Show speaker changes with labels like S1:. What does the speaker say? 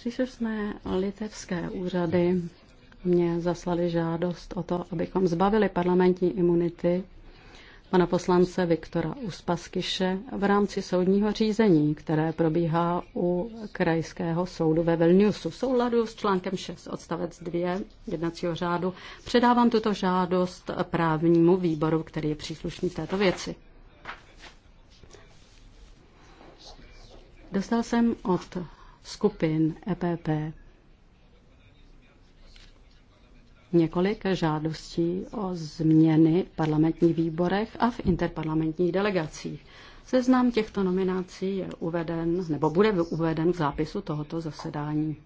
S1: Příslušné litevské úřady mě zaslali žádost o to, abychom zbavili parlamentní imunity pana poslance Viktora Uspaskyše v rámci soudního řízení, které probíhá u Krajského soudu ve Vilniusu. V souladu s článkem 6 odstavec 2 jednacího řádu předávám tuto žádost právnímu výboru, který je příslušný v této věci. Dostal jsem od skupin EPP několik žádostí o změny v parlamentních výborech a v interparlamentních delegacích. Seznam těchto nominací je uveden, nebo bude uveden v zápisu tohoto zasedání.